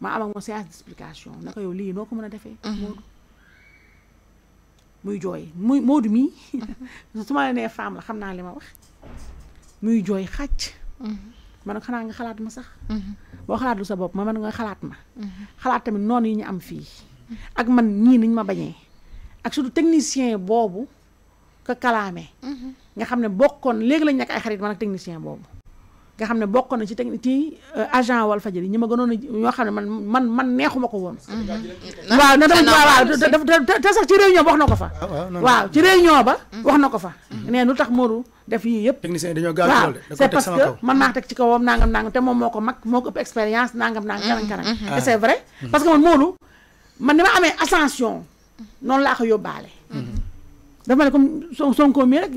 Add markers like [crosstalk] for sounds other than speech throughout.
ma am ak moom séance d'explication naka yow lii noo ko mën a defee. Mhm. Moodu muy jooy muy Moodu mii mhm. [laughs] su ma la nee femme la xam naa li ma wax muy jooy xàcc. Mhm. man nag xanaa nga xalaat ma sax. boo xalaatul sa bopp ma man nga xalaat ma. xalaat tamit noonu yi ñu am fii. ak man ñii niñ ma bañee. ak surtout technicien boobu ka kalaame. nga xam ne bokkoon léegi lañ nekk ay xarit man ak technicien boobu. nga xam ne bokk na ci teg ci euh, agent Walfadjri ñi ma gënoon a ñoo xam ne man man man neexuma ko woon mm-hmm. waaw na dama waaw te sax ci réunion ba wax na ko fa ah, waaw ci réunion ba mm-hmm. wax na ko fa mm-hmm. nee lu tax Modou def yii yëpp technicien dañoo gaaw waaw c'est parce que man maa teg ci kawam nangam nangam te moom moo ko mag moo ko ëpp expérience nangam nangam kanam kanam et c'est ah. vrai parce que man Modou man ni ma amee ascension noonu laa ko yóbbaale dafa ne comme Sonko mii rek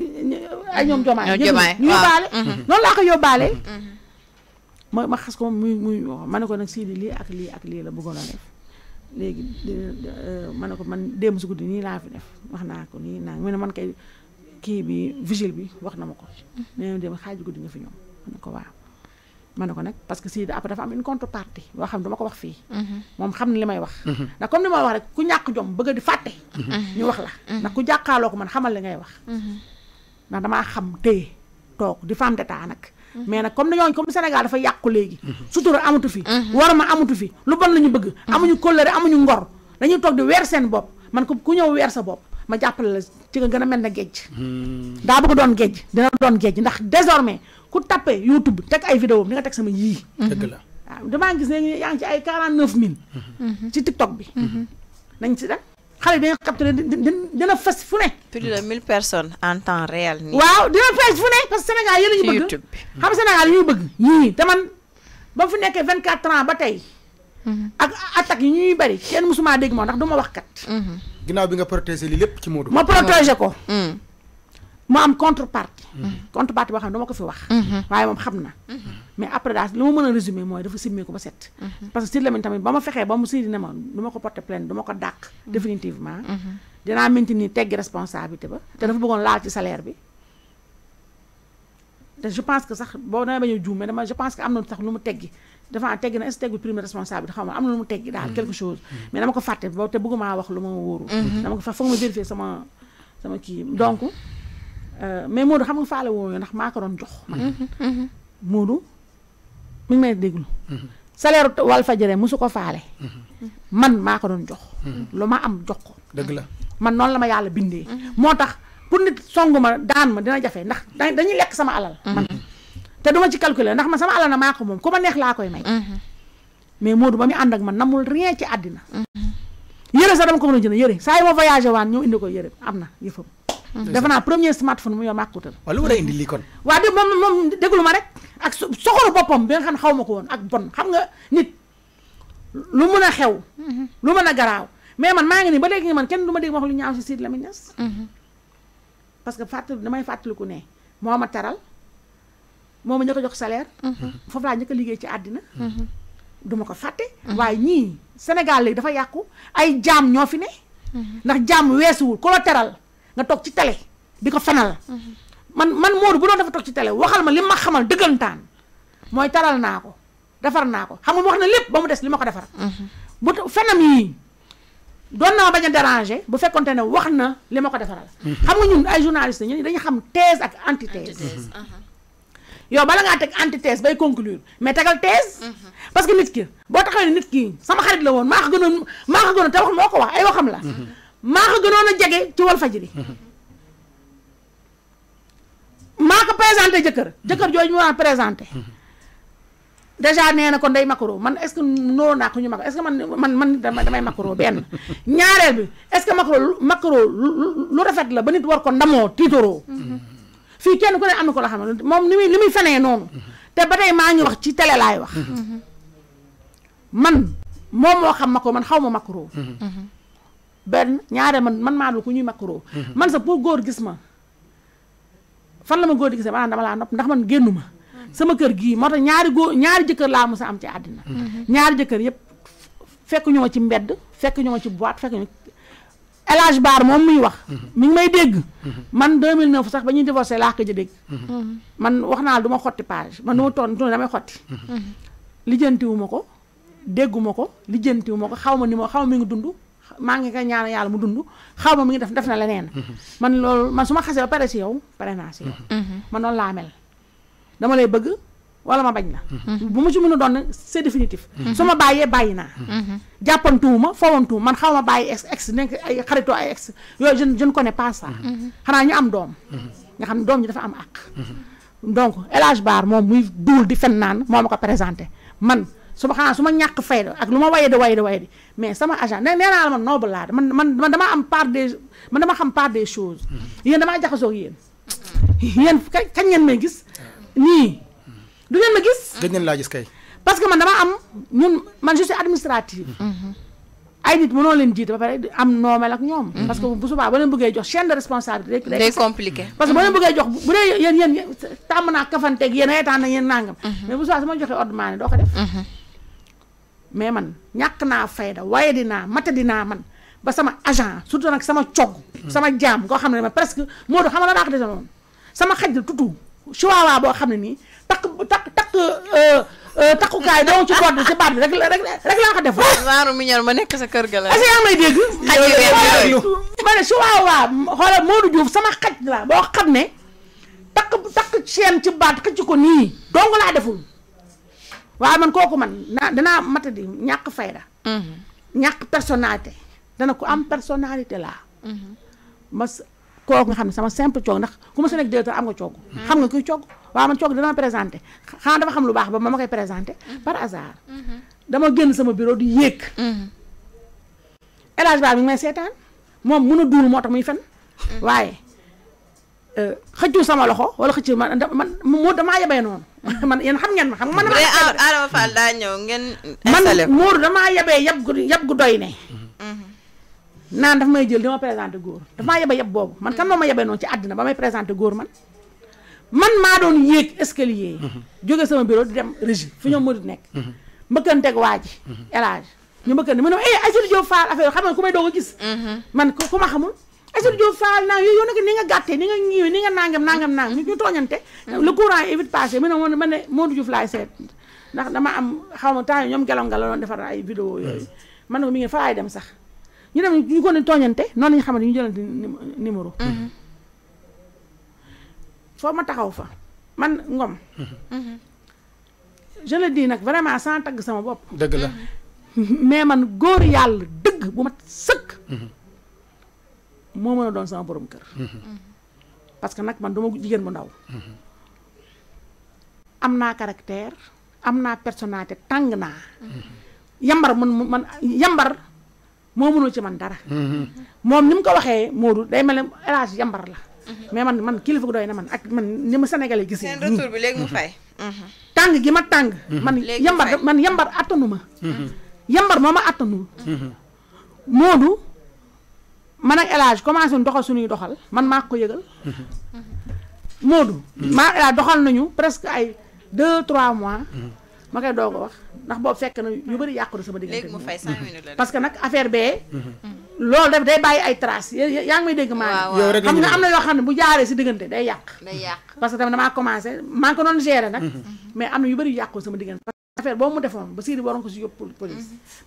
ay ñoom jomaay ñu yóbbaale mhm. Mhm. noonu laa ko yóbbaale mhm. ma ma xas ko muy muy ma ne ko nag Sidi lii ak lii ak lii la bëggoon a def léegi euh, ma ne ko man démb si guddi nii laa fi def wax naa ko nii naa mu ne man kay kii bi vigile bi wax na ma ko nee na dem xaaju guddi nga fi ñoom ma ne ko waaw ma ne ko nag parce que si après dafa am une contrepartie loo xam ne dama ko wax fii mhm. moom xam na li may wax mhm. ndax comme ni may wax rek ku ñàkk jom bëgg di fàtte mhm. ñu wax la ndax ku jàkkaaloo ko man xamal li ngay wax ndax damaa xam téye toog di femme d'état nag mais nag comme dañoo comme Sénégal dafa yàqu léegi sutura amatu fi war ma amatu fi lu bon la ñu bëgg amuñu kóllëre amuñu ngor dañuy toog di weer seen bopp man ku ñëw weer sa bopp ma jàppale la ci nga gën a mel na géej hmm. daa bëgg doon géej dina doon géej ndax désormais ku tapé youtube teg ay vidéo di nga teg sama yii hmm. dëgg la waaw damaa gis ne yaa ngi ci ay quarante neuf mille hmm. ci tiktok bi nañ ci dem xale dina capturé dina fës fu ne plus de mille personnes en temps réel nii waaw dina fës fu ne parce que Sénégal yi la bëgg xam Sénégal yi ñu bëgg yii te man ba fu nekkee vingt quatre ans ba tey ak attaques yi ñuy bari kenn musuma dégg moo ndax du ma wax kat ginnaaw bi nga protéger li lépp ci Modou. ma protéger ko. Mm. ma am contrepartie. Mm-hmm. contrepartie boo xam ne dama ko fi wax. Mm-hmm. waaye moom xam na. Mm-hmm. mais après daal li ma mën a résumer mooy dafa simmee ko ba set. parce que Sidy Lamine tamit ba ma fexee ba mu Sidy ne ma du ma ko porter plainte du ma ko dàq. définitivement. dinaa maintenir teggi responsabilité ba. te dafa bëggoon laal ci salaire bi. te je pense que sax boo damay bañ a mais je pense que am na sax lu mu teggi. dafa teggi na est-ce que teggul prime responsable xaw am na lu mu teggi daal mm. quelque chose mais dama ko fàtte ba te bëggumaa wax lu ma wóoru mm-hmm. dama ko fa foog ma vérifier sama sama kii donc mm-hmm. euh, mais Moodu xam nga faale woo ndax maa ko doon jox mm-hmm. Moodu mi ngi may déglu salaire Walfadjri mosu ko faale man maa ko doon jox lu ma am jox ko dëgg la man noonu la ma yàlla bindee moo tax pour nit song ma daan ma dina jafe ndax dañuy lekk sama alal man te duma ci calculer ndax ma sama alal na maa moom ku ma neex laa koy may. Mhm. mais Modou ba mu ànd ak man namul rien ci àddina. Mhm. yëre sa dama ko mën a jënd yëre saa yi ma voyagé waan ñëw indi ko yére am na yëfam. Mhm. naa premier smartphone mu yor maa ko utal. waaw lu war a waa de moom moom déglu ma rek ak soxoru boppam bi nga xam xaw ma ko woon ak bon xam nga nit lu mën a xew. lu mën a garaaw mais man maa ngi nii ba léegi man kenn du ma dégg ma wax lu ñaaw si Sidy Lamine Niass. parce que fàttali damay fàttaliku ne moo ma teral moom ma ña ko jox salaire mm-hmm. foofu laa ña liggéey ci àddina mm-hmm. duma ko fàtte mm-hmm. waaye ñii Sénégal léegi dafa yàqu ay jaam ñoo fi ne ndax jaam weesuwul ku la teral nga toog ci télé di ko fenal man man Modou bu doon dafa toog ci télé waxal ma li ma xamal dëggantaan mooy teral naa ko defar naa ko xam nga wax na lépp ba des li ma ko defar bu fenam na ma bañ a déranger bu fekkonte ne wax na li ma ko defaral xam nga ñun ay journalistes ñun dañu xam thèse ak antithèse uh-huh. yow bala ngaa teg antithèse bay conclure mais tegal thèse. parce que nit ki boo taxawee nit ki sama xarit la woon maa ko gënoon maa ko gënoon te wax moo ko wax ay waxam la. maa ko gënoon a jege ci Walfadjri. maa ko présenté jëkkër jëkkër jooju mu daan présenté. dèjà nee na kon day macro man est ce que noonu naa ko ñu macro est que man man man damay macro benn ñaareel bi est ce que macro macro lu rafet la ba nit war ko ndamoo tiitoroo. fii kenn ku ne am na ko la xam ne moom ni muy li muy fenee noonu te ba tey maa ngi wax ci télé laay wax man moom moo xam makro man xaw ma makro benn man man maa dul ku ñuy makro man sax boo góor gis ma fan la ma góor di gisee maanaam dama laa nopp ndax man génnu ma sama kër gii moo tax ñaari góor ñaari jëkkër laa mos a am ci àddina mhm. ñaari jëkkër yépp fekk ñoo ci mbedd fekk ñoo ci boîte fekk ñoo Elage Baar moom muy wax. Mhm. mi ngi may dégg. Mhm. man 2009 sax ba ñuy divorcé laa ko dégg. Mhm. man wax naa du ma xotti page man nu ma toon damay xotti. lijjantiwu ma ko dégguma ko lijjantiwu ko xaw ma ni ma xaw ma mi ngi dund maa ngi ko ñaan yàlla mu dund xaw ma mu ngi def def na leneen. man loolu man su ma xasee ba pare si yow pare naa si yow. man noonu laa mel dama lay bëgg. wala ma bañ na. Mhm. bu ma ci mën a c'est définitif. Mhm. suma ma bayina bàyyi naa. Mhm. man xaw ma bàyyi ex ex ay xaritoo ay ex yo je je ne connais pas ça. xana ñu am doom. nga xam doom dafa am àq. donc elage bar, mom muy doul di fen nan moo ma ko présenté man su ma xanaa su ma fayda ak luma ma waye de waye de waye mais sama agent nee la man noble la man man dama am part des man dama xam part des choses. yeen dama jaxasoo yeen yeen yéen kañ ngeen may gis nii. du magis ma gis. gëj nañ laa gis kay. parce que man dama am ñun man je suis administrative. Mhm. ay nit mënoo leen jiite ba pare am noomel ak ñoom. Mhm. parce que bu subaa bu leen bëggee jox chaîne de responsabilité. day compliqué parce que bu leen mhm. bëggee jox bu dee yéen yéen tàmm naa kafanteeg yéen reetaan na yéen nangam. mais bu subaa sama joxe ordre ne doo ko def. mais man ñàkk naa fayda waye dinaa mata dinaa man ba sama agent surtout nag sama cog. sama jaam koo xam ne ma presque Modou xam nga la daax sama xaj la tutu chihuahua boo xam ne nii. takk takk takk euh, euh, takkukaay doo ci corde ci baat bi rek rek rek laa ko def. waaw mi ñor ma nekk sa kër ga la. est-ce que yaa ngi may dégg. ma ne su waaw waaw xoolal Modou Diouf sama xaj la boo xam ne takk takk chaîne ci baat xëcc ko nii dong laa deful waaye man kooku man naa danaa mata di ñàkk fayda. Mm-hmm. ñàkk personnalité dana ko am personnalité laa. Mm-hmm. mas kooku nga xam ne sama simple coog ndax ku ma sa nekk directeur am nga coog. Mm-hmm. xam nga kuy coog. waaw man coog dina ma présenté xanaa dafa xam lu baax ba ma ma koy présenté par hasard dama génn sama bureau di yéeg élage baa mi ngi may seetaan moom mun a duul moo tax muy fen waaye euh, xëccu sama loxo wala xëccu man mu moo damaa yebee noonu [laughs] man yéen xam ngeen ma xam man Adama Fall daa ñëw ngeen man Mour damaa yebee yab gu yab gu doy ne naan dafa may jël dama présenté góor dafa maa yebee yab boobu man kan moo ma yebee noonu ci àddina ba may présenté góor man man maa doon yéeg escalier yi jóge sama bureau di dem régie fu ñoom Modou nekk mbëkkanteeg waa ji age ñu mbëkkante mu ne ma eh, xam nga ku may doog gis man ku ma xamul Aïssatou Diop Fall ni nga gàttee ni nga ñiiwee ni nga nangam nangam nangam ñu tooñante le courant est ndax dama am xaw ma temps yi ñoom ngelaw ngelaw doon defar ay vidéo yooyu man na ko mi ngi fa laay dem sax ñu dem ñu ko ne tooñante noonu lañu xamante ñu jëlante numéro mm-hmm. foo ma taxaw fa man ngom. Mhm. je le nag vraiment sans tagg sama bopp. dëgg la mhm. mais man góor yàlla dëgg bu ma sëkk. Mhm. moo mën a doon sama borom kër. parce que nag man du ma jigéen bu ndaw. am naa caractère am naa personnalité tàng naa. yambar man man yambar moo mënul ci man dara. moom ni mu ko waxee Modou day mel ne El yambar la. mais man man kilifa gu doyna man ak man ni ma sénégalais gis sen retour bi légui mu fay tang gi ma tang mhm. man yambar man mhm. yambar atanuma yambar moo atanu attanu mhm. man ak elage commencé doxal suñu doxal man ma ko yegal moodu ma la doxal nañu presque ay 2 3 mois ma kay dogo wax ndax boobu fekk na yu bari yakku sama digënté légui mu fay cinq minutes la parce que nak affaire bé loolu daf day bàyyi ay traces yaa ngi may dégg maa ngi nga na yoo xam ne bu jaaree si diggante day yàq day yàq parce que tamit damaa commencé maa mm-hmm. Mm-hmm. am na yu bëri yu yàqoo sama diggante affaire ko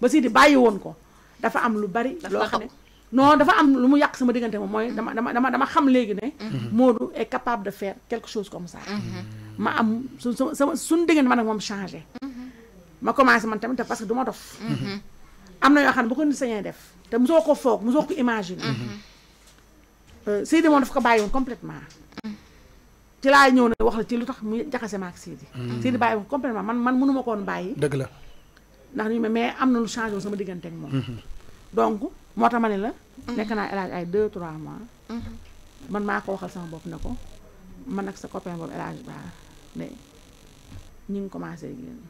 si mm-hmm. am lu bari loo lu mu yàq sama diggante moom mooy dama dama dama dama xam léegi ne Modou est capable de faire quelque chose comme ça ma am su sama suñu diggante man moom changé ma commencé man tamit parce que du ma dof am na yoo xam ne bu ko nit sañee def te mosoo ko foog mosoo ko imaginer. Mhm. Euh, Seydi moom daf ko bàyyi woon complètement mhm. ci laa ñëw na wax la ci lu tax mu jaxase ma ak Seydi. Mhm. Seydi bàyyi woon man man mënuma ko woon bàyyi. dëgg la ndax ñu mais am na lu changé sama diggante ak moom. donc moo tax ma ne la. nekk naa El ay 2 3 mois. man maa ko waxal sama bopp ne ko man ak sa copain boobu El Hadj Ba ñu ngi commencé génn.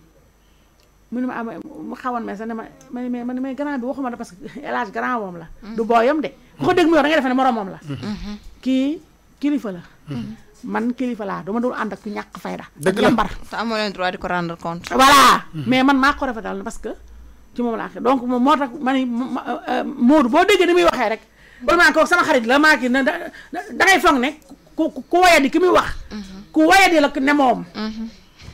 mu ne ma am ah, mu xawoon ma sax ne ma man ma man grand bi waxuma la parce que El Hadj grand moom la. Mm-hmm. du booyam de ku ko dégg da ngay defe mm-hmm. Mm-hmm. kilifa la. man kilifa dama doon ànd ak ku dëgg la yambar mais man maa ko parce que ci moom laa donc moom moo tax ma ni euh, boo déggee ni muy waxee rek. bala maa ko la maa kii da dangay foog ne ku ku wayadi ki muy wax. ku wayadi la ne moom.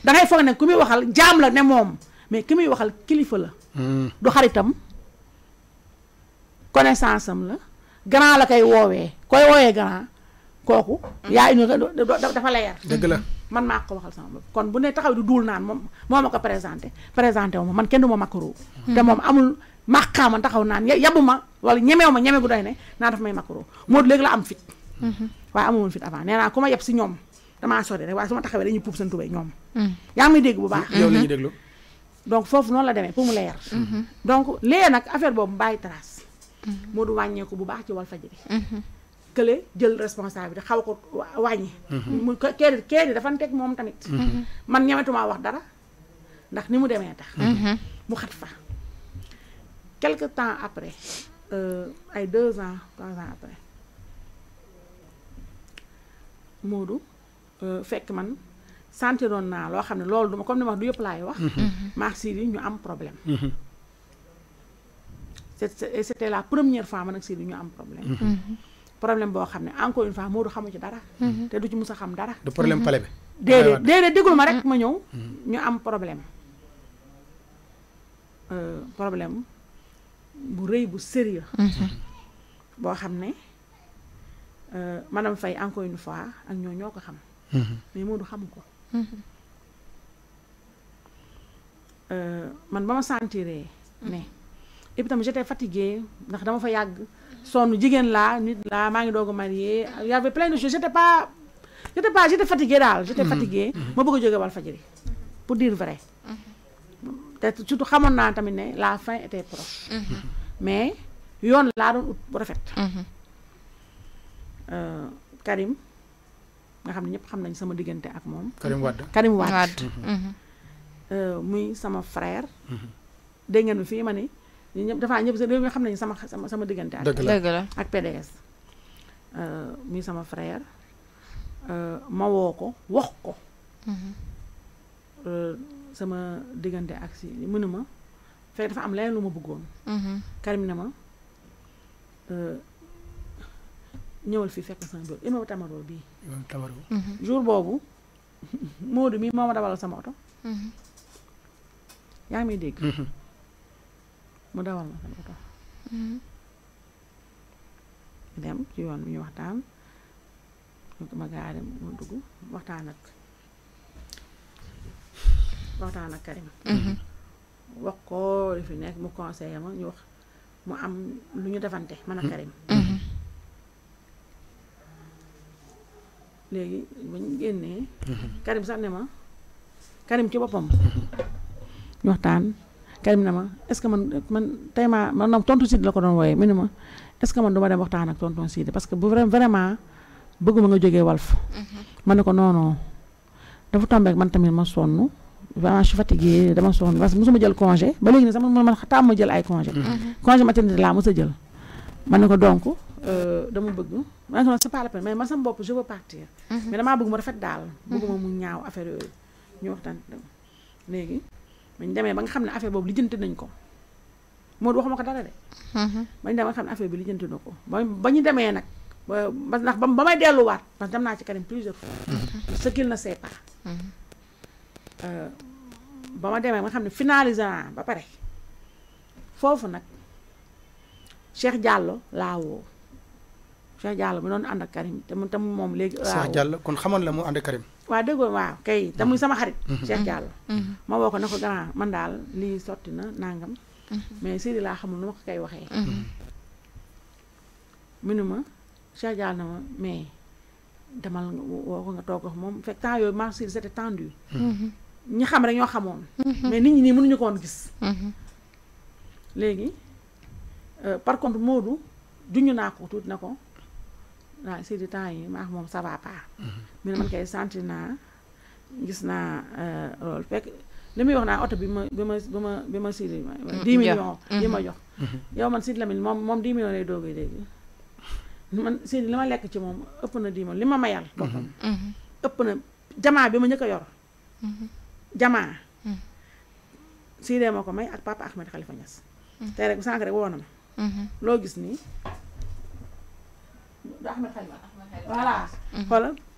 dangay foog ne ku muy waxal jaam la ne moom. mais ki muy waxal kilifa la. Hmm. du xaritam connaissance am la grand la koy woowee koy woowee grand kooku. yaa indi dafa la yar. dëgg la man maa ko waxal sama bopp kon bu ne taxaw du duul naan moom moo ma ko présenté présenté wu man kenn du ma makaro. Hmm. te moom amul màqaama taxaw naan yabu ma wala ñemew ma ñeme gu doy ne naa daf may makaro moo léegi la am fit. Hmm. waaye amu woon fit avant nee ku ma yeb si ñoom damaa sori rek waaye su ma taxawee dañuy puub seen tubéy ñoom. yaa may dégg bu baax. yow la déglu. donc foofu noonu la demee pour mu leer. Mhm. donc léegi nag affaire boobu mu bàyyi trace. moo mhm. du wàññeeku bu baax ci wal Walfadjri. Mhm. le jël responsabilité xaw ko wàññi. mu kër kër yi dafa teg moom tamit. man ñemetuma wax dara ndax ni mu demee tax. mu xat fa quelque temps après euh, ay deux ans trois ans après Moodu euh, fekk man. sentiroon naa loo xam ne loolu duma comme ni ma wax du yëpp laay wax. Mhm. Mhm. maax Sidi ñu am problème. Mhm. c'était la première fois man ak Sidi ñu am problème. problème boo xam ne encore une fois Modou xamu ci dara. te du ci mus a xam dara. du problème pale bi. déedéet déedéet déglu ma rek ma ñëw. ñu am problème. Euh, problème bu rëy bu sérieux. boo xam ne euh, madame Faye encore une fois ak ñoo ñoo ko xam. mais Modou xamu ko. Euh, man ba ma sentiree mm-hmm. ne et puis tamit j'étais fatiguée ndax dama fa yàgg sonn jigéen laa nit laa maa ngi doog a marié y avait plein de choses j'étais pas j'étais pas j'étais fatiguée daal j'étais mm-hmm. fatiguée mm-hmm. ma bëgg a jóge Walfadjri pour dire vrai te surtout xamoon naa tamit ne laa fin était proche mais yoon laa doon ut bu rafet euh, Karim nga xam ñep xam nañ sama digënté ak mom Karim wad Karim mhm. Mhm. euh muy sama frère. Mhm. de ngeen fi mané ñep dafa ñep mi xam nañ sama sama sama diggante. ak ak PDS. Euh, muy sama frère euh, ma woko wax ko. Euh, sama digënté ak si mënuma fekk dafa am leneen luma bëggoon bëggoon. Karim na ma. ñëwal fi fekk sama bër imaam tamaroo bii mhm. jour boobu Moodu mii moo ma dawalal sama oto mhm. yaa ngi dégg mhm. mu dawal ma sama oto dem ci yoon bi ñu waxtaan ma gaari mu dugg waxtaan ak waxtaan ak Karim wax ko li fi nekk mu conseillé ma ñu wax mu am lu ñu defante man ak Karim léegi bañ génnee. Mhm. Karim sax ne ma Karim ci boppam. Mhm. ñu waxtaan Karim ne ma est ce que man man tey maa man tontu Sidi la ko doon wooyee mu ne ma est ce que man du ma dem waxtaan ak que bu vraiment bëgguma nga jógee Walf. Mhm. ma ne ko non non dafa tombeek man tamit ma sonn. vraiment dama sonn parce que mosuma jël congé ba léegi nag sax man man tàmm jël ay congé. congé maternité laa mos sa jël. ma ne ko donc Euh, dama bëgg ma ne ko c'est pas la peine mais ma sama bopp je veux partir. Mhm. mais damaa bëgg mu rafet daal. Mhm. bëgguma mu ñaaw affaire yooyu ñu waxtaan léegi bañ demee ba nga xam ne affaire boobu lijjanti nañ ko Modou waxuma ko dara de. Mhm. bañ demee ba nga xam ne affaire bi lijjanti na ko ba ba ñu demee nag ba ndax ba may delluwaat parce que dem ci Karim plusieurs fois. ce qu'il ne sait pas. Euh, ba ma demee ba nga xam ba pare foofu nag Cheikh Diallo laa woo. Cheikh Diallo mu doon ànd ak Karim te mu tam moom léegi. waaw Cheikh kon xamoon la mu ànd ak Karim. waaw déggoo waaw kay te muy sama xarit. Mhm. Cheikh mhm. Diallo. Mhm. ma woo ko ne ko grand man daal li sotti na nangam. mais Sidi laa xamul nu ma ko koy waxee. mu ne ma Cheikh Diallo na ma mais demal woo ko nga toog ak moom fekk temps yooyu maa Sidi c'était tendu. ñi xam rek ñoo xamoon. mais nit ñi nii mënuñu ko woon gis. léegi euh, par contre Modou juñu naa ko tuuti na ko. waaw si di temps yi maax moom ça va pas mi mm-hmm. ne man kay sentir naa gis naa euh, loolu fekk li muy wax naa oto bi ma bi ma bi ma bi ma Sidi mm-hmm. dix millions ma mm-hmm. jox yow man Sidi Lamine moom moom dix millions lay doog a dégg man Sidi li ma lekk ci moom ëpp na dix li ma mayal moom ëpp na jamaa bi ma njëkk a yor jamaa Sidi moo ko may ak papa Ahmed Khalifa Niass tey rek sànq rek woo ma loo gis nii Ahmed Khalifa voilà xoolal mhm.